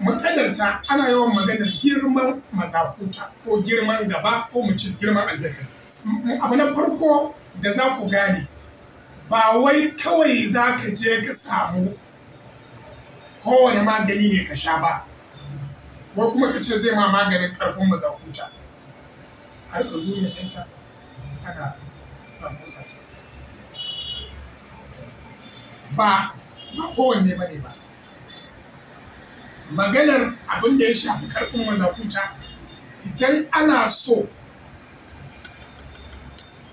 mu kadarta ana yawan maganar girman mazakuta ko girman gaba ko mu girman azzakar mm, mm, abu na farko da za ku gane ba wai kawai za ka je ka samu kowane magani ne ka sha ba ko kuma ka ce zai ma maganin karfin mazakuta har ka zo ne ɗinta ana ba ba kowanne ba ne ba maganar abin da ya shafi karfin mazakuta idan ana so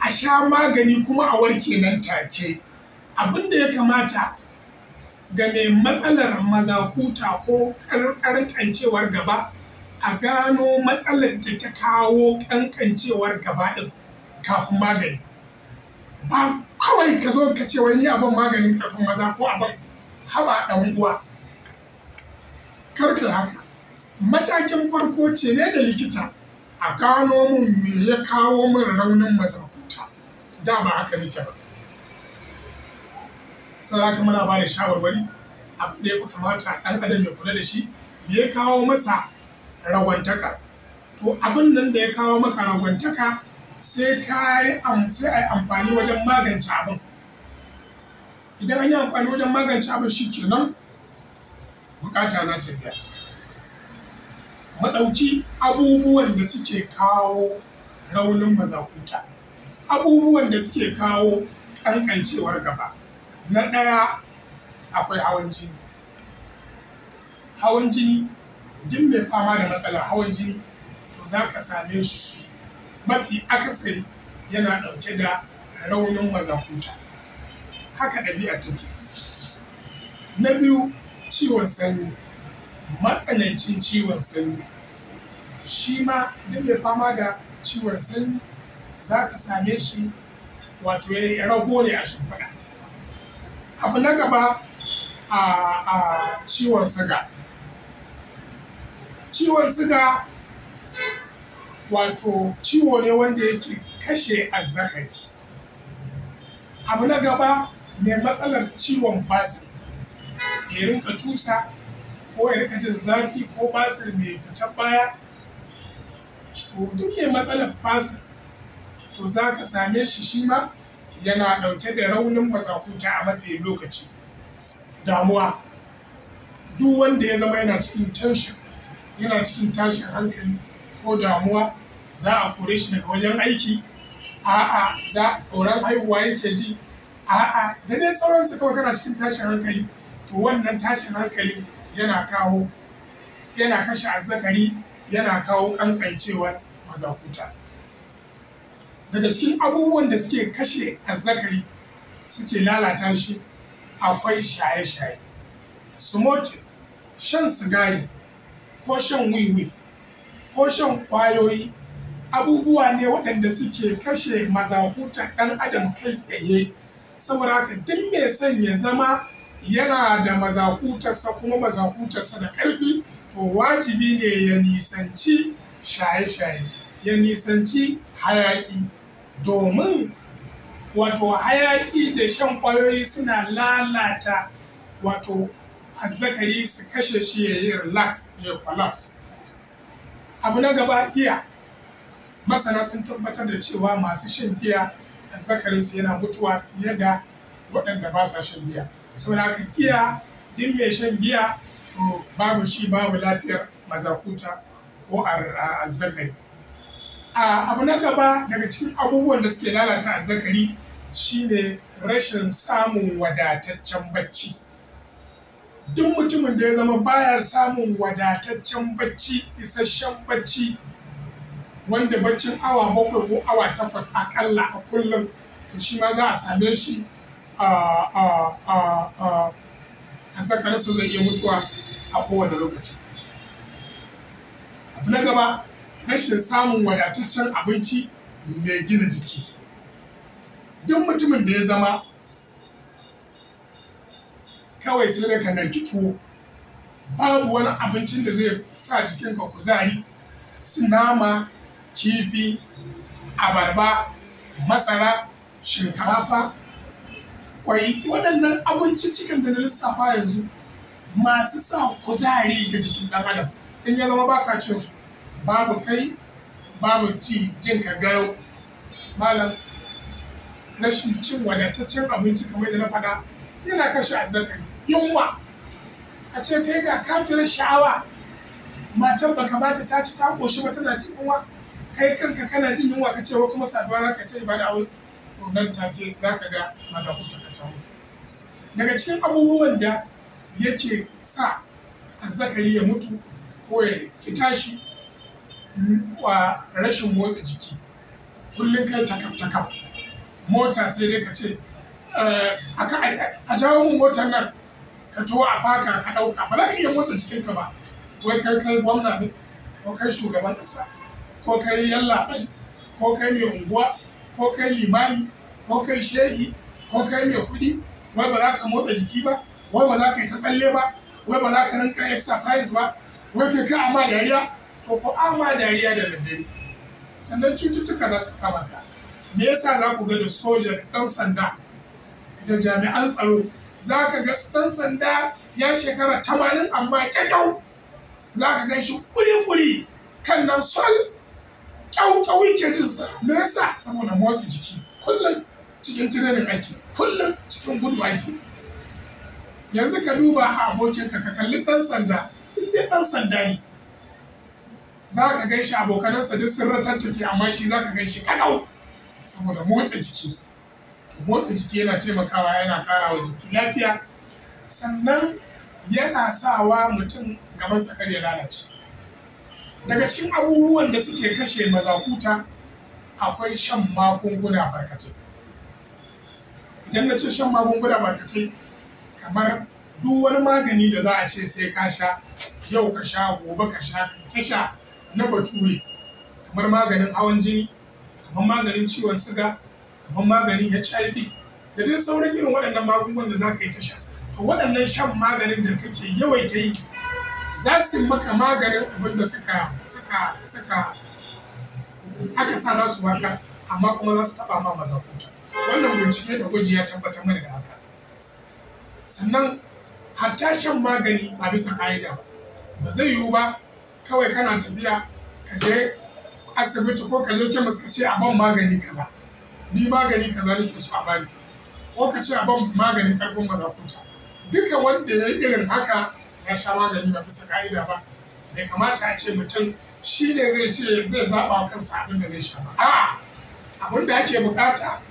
a sha magani kuma a warke nan take abin da ya kamata ga mai matsalar mazakuta ko karkancewar gaba a gano matsalar da ta kawo ƙanƙancewar gaba din kafin magani ba kawai ka zo ka ce wani abin maganin karfin maza ko abin haba ɗan uwa karka haka matakin farko ce ne da likita a gano mun me ya kawo mun raunin mazakuta da ba haka nake ba saboda muna ba da shawarwari a da ya kamata ɗan adam ya kula da shi me ya kawo masa rawantaka to abin nan da ya kawo maka rawantaka sai ka yi amfani wajen magance abin idan an yi amfani wajen magance abin shi kenan bukata za ta biya mu ɗauki abubuwan da suke kawo raunin mazakuta abubuwan da suke kawo ƙanƙancewar gaba na ɗaya akwai hawan jini hawan jini duk mai fama da matsalar hawan jini to za ka same shi mafi akasari yana ɗauke da raunin mazakuta haka ɗabi'a take na biyu ciwon sanyi matsanancin ciwon sanyi shi ma duk mai fama da ciwon sanyi za ka same shi wato ya rago ne a shimfiɗa abu na gaba a ciwon suga. ciwon suga wato ciwo ne wanda yake kashe azzakari abu na gaba mai matsalar ciwon basi ya rinka tusa ko ya rinka jin zafi ko basir mai fitar baya to duk mai matsalar basir to za ka same shi shi ma yana ɗauke da raunin masakuta a mafi lokaci damuwa duk wanda ya zama yana cikin tension yana cikin tashin hankali ko damuwa za a kore shi daga wajen aiki a'a za tsoron haihuwa yake ji a'a da dai sauransu kawai kana cikin tashin hankali to wannan tashin hankali yana kawo yana kashe azzakari yana kawo ƙanƙancewar mazakuta daga cikin abubuwan da suke kashe azzakari suke lalata shi akwai shaye-shaye smoking shan sigari ko shan wiwi ko shan kwayoyi abubuwa ne waɗanda suke kashe mazakutan ɗan adam kai tsaye saboda haka duk mai son ya zama yana da mazakutarsa kuma mazakutarsa da ƙarfi to wajibi ne ya nisanci shaye-shaye ya nisanci hayaƙi domin wato hayaƙi da shan ƙwayoyi suna lalata wato azzakari su kashe shi ya yi relax ya collapse abu na gaba giya masana sun tabbatar da cewa masu shan giya azzakarinsu yana mutuwa fiye da waɗanda ba sa shan giya saboda ka giya duk mai shan giya to babu shi babu lafiyar mazakuta ko azzakari abu na gaba daga cikin abubuwan da suke lalata azzakari shine rashin samun wadataccen bacci duk mutumin da ya zama bayar samun wadataccen bacci isasshen bacci wanda baccin awa bakwai ko awa takwas akalla a kullum to shi ma za a same shi a a a zai iya mutuwa a kowane lokaci abu na gaba rashin samun wadataccen abinci mai gina jiki duk mutumin da ya zama kawai sai da kanar tuwo babu wani abincin da zai sa jikinka kuzari su nama kifi abarba masara shinkafa kwai waɗannan cikin da na lissafa yanzu masu sa kuzari ga jikin ɗan adam in ya zama baka cin su babu kai babu ci jin ka garau malam rashin cin wadataccen abinci kamar da na faɗa yana kashe azzakari yunwa a ce kai ga kafin sha'awa matan baka bata ta ci ta ƙoshi ba tana jin yunwa kai kanka kana jin yunwa ka ce wa kuma saduwa ka ce ba da aure to nan take za ka ga mazakuta ka ta mutu daga cikin abubuwan da yake sa azzakari ya mutu ko ya tashi mm, wa rashin motsa jiki kullum kai takaf-takaf mota sai dai ka ce eh, a jawo mu motar nan ka to a faka ka ɗauka ba za ka iya motsa jikinka ba wai kai kai gwamna ne ko kai shugaban ƙasa ko kai yallaɓai ko kai mai unguwa ko kai limani ko kai shehi ko kai mai kuɗi wai ba za ka motsa jiki ba wai ba za ka yi ta tsalle ba wai ba za ka rinka exercise ba wai kai ka amma dariya to ko amma dariya da daddare sannan cututtuka za su kama ka me yasa za ku ga da soja da ɗan sanda da jami'an tsaro za ka ga ɗan sanda ya shekara tamanin amma kyakkyau za ka gan shi kuri-kuri kan nan sol kyau-kyau yake jinsa me yasa saboda motsa jiki kullum cikin tirenin aiki kullum cikin gudu aiki yanzu ka duba a abokinka ka kalli ɗan sanda in dai ɗan sanda ne za ka gan shi abokanansa duk sun ratattake amma shi za ka gan shi saboda motsa jiki motsa jiki yana taimakawa yana ƙara wa jiki lafiya sannan yana sawa mutum gaban sakar ya lalace daga cikin abubuwan da suke kashe mazakuta akwai shan magunguna barkatai idan na ce shan magunguna barkatai kamar duk wani magani da za a ce sai ka sha yau ka sha gobe ka sha kai ta sha na bature kamar maganin hawan jini kamar maganin ciwon siga kamar maganin hiv da dai sauran irin waɗannan magungunan da za ka yi ta sha to waɗannan shan maganin da kake yawaita yi za su maka maganin abin da suka suka suka aka sa za su warkar amma kuma za su taba ma mazakuta wannan bincike da gwaji ya tabbatar mana da haka sannan hatta shan magani a bisa ka'ida ba zai yiwu ba kawai kana tafiya ka je asibiti ko ka je kemis ka ce a ban magani kaza ni magani kaza nake so a bani ko ka ce a ban maganin karfin mazakuta duka wanda ya yi irin haka ya sha magani ba bisa ka'ida ba bai kamata a ce mutum shi ne zai ce zai zaɓa kansa abin da zai sha ba a'a abin da ake bukata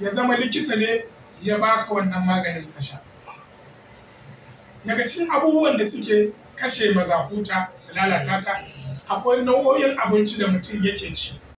ya zama likita ne ya baka wannan maganin ka sha daga cikin abubuwan da suke kashe mazakuta su lalata ta akwai nau'o'in abinci da mutum yake ci